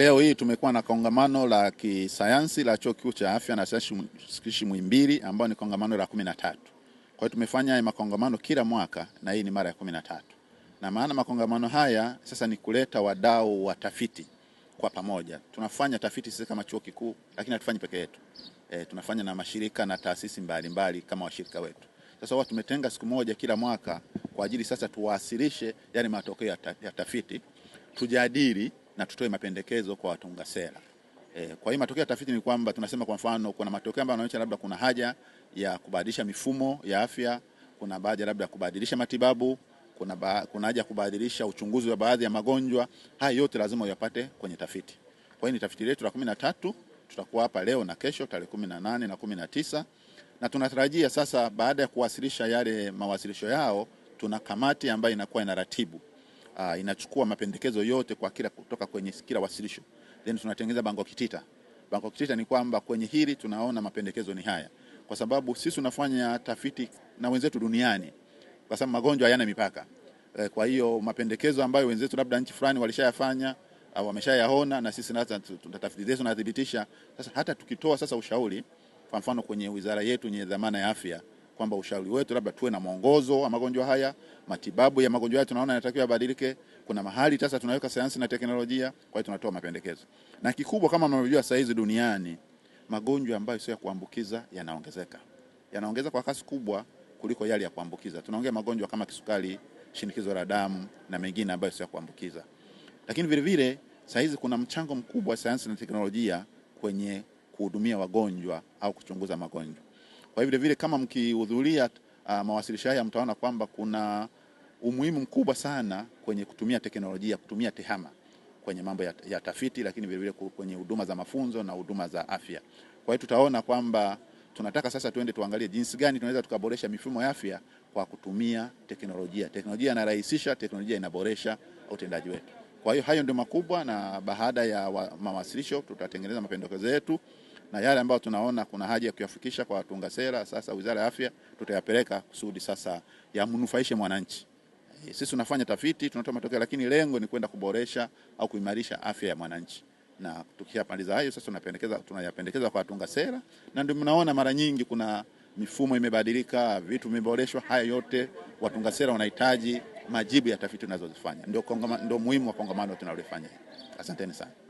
Leo hii tumekuwa na kongamano la kisayansi la Chuo Kikuu cha Afya na Sayansi Shirikishi Muhimbili, ambao ni kongamano la kumi na tatu. Kwa hiyo tumefanya haya makongamano kila mwaka na hii ni mara ya kumi na tatu, na maana makongamano haya sasa ni kuleta wadau wa tafiti kwa pamoja. Tunafanya tafiti sisi kama chuo kikuu, lakini hatufanyi peke yetu e, tunafanya na mashirika na taasisi mbalimbali kama washirika wetu. Sasa huwa tumetenga siku moja kila mwaka kwa ajili sasa tuwasilishe yale matokeo ya, ta, ya tafiti tujadili na tutoe mapendekezo kwa watunga sera. E, kwa hiyo matokeo ya tafiti ni kwamba tunasema kwa mfano kuna matokeo ambayo yanaonyesha labda kuna haja ya kubadilisha mifumo ya afya, kuna baadhi labda ya kubadilisha matibabu, kuna, ba, kuna haja ya kubadilisha uchunguzi wa baadhi ya magonjwa. Haya yote lazima uyapate kwenye tafiti. Kwa hiyo ni tafiti letu la 13 tutakuwa hapa leo na kesho tarehe 18 na 19 na na tunatarajia sasa, baada ya kuwasilisha yale mawasilisho yao, tuna kamati ambayo inakuwa inaratibu uh, inachukua mapendekezo yote kwa kila kutoka kwenye kila wasilisho, then tunatengeneza bango kitita. Bango kitita ni kwamba kwenye hili tunaona mapendekezo ni haya, kwa sababu sisi tunafanya tafiti na wenzetu duniani, kwa sababu magonjwa hayana mipaka. Eh, kwa hiyo mapendekezo ambayo wenzetu labda nchi fulani walishayafanya au wameshayaona, na sisi nasa tutatafiti zetu tunathibitisha. Sasa hata tukitoa sasa ushauri, kwa mfano kwenye wizara yetu yenye dhamana ya afya kwamba ushauri wetu labda tuwe na mwongozo wa magonjwa haya, matibabu ya magonjwa haya tunaona yanatakiwa yabadilike. Kuna mahali sasa tunaweka sayansi na teknolojia, kwa hiyo tunatoa mapendekezo. Na kikubwa kama mnavyojua sasa hizi duniani magonjwa ambayo sio ya kuambukiza yanaongezeka, yanaongeza kwa kasi kubwa kuliko yale ya kuambukiza. Tunaongea magonjwa kama kisukari, shinikizo la damu na mengine ambayo sio ya kuambukiza. Lakini vile vile sasa hizi kuna mchango mkubwa wa sayansi na teknolojia kwenye kuhudumia wagonjwa au kuchunguza magonjwa. Kwa hivyo vilevile kama mkihudhuria uh, mawasilisho haya mtaona kwamba kuna umuhimu mkubwa sana kwenye kutumia teknolojia, kutumia tehama kwenye mambo ya, ya tafiti, lakini vilevile kwenye huduma za mafunzo na huduma za afya. Kwa hiyo tutaona kwamba tunataka sasa tuende tuangalie jinsi gani tunaweza tukaboresha mifumo ya afya kwa kutumia teknolojia. Teknolojia inarahisisha, teknolojia inaboresha utendaji wetu. Kwa hiyo hayo ndio makubwa, na baada ya mawasilisho tutatengeneza mapendekezo yetu na yale ambayo tunaona kuna haja ya kuyafikisha kwa watunga sera, sasa Wizara ya Afya tutayapeleka kusudi sasa yamnufaishe mwananchi. Eh, sisi tunafanya tafiti, tunatoa matokeo, lakini lengo ni kwenda kuboresha au kuimarisha afya ya mwananchi, na tukishamaliza hayo sasa tunapendekeza, tunayapendekeza kwa watunga sera, na ndio mnaona mara nyingi kuna mifumo imebadilika, vitu vimeboreshwa. Haya yote watunga sera wanahitaji majibu ya tafiti tunazozifanya. Ndio, ndio muhimu wa kongamano tunalofanya. Asanteni sana.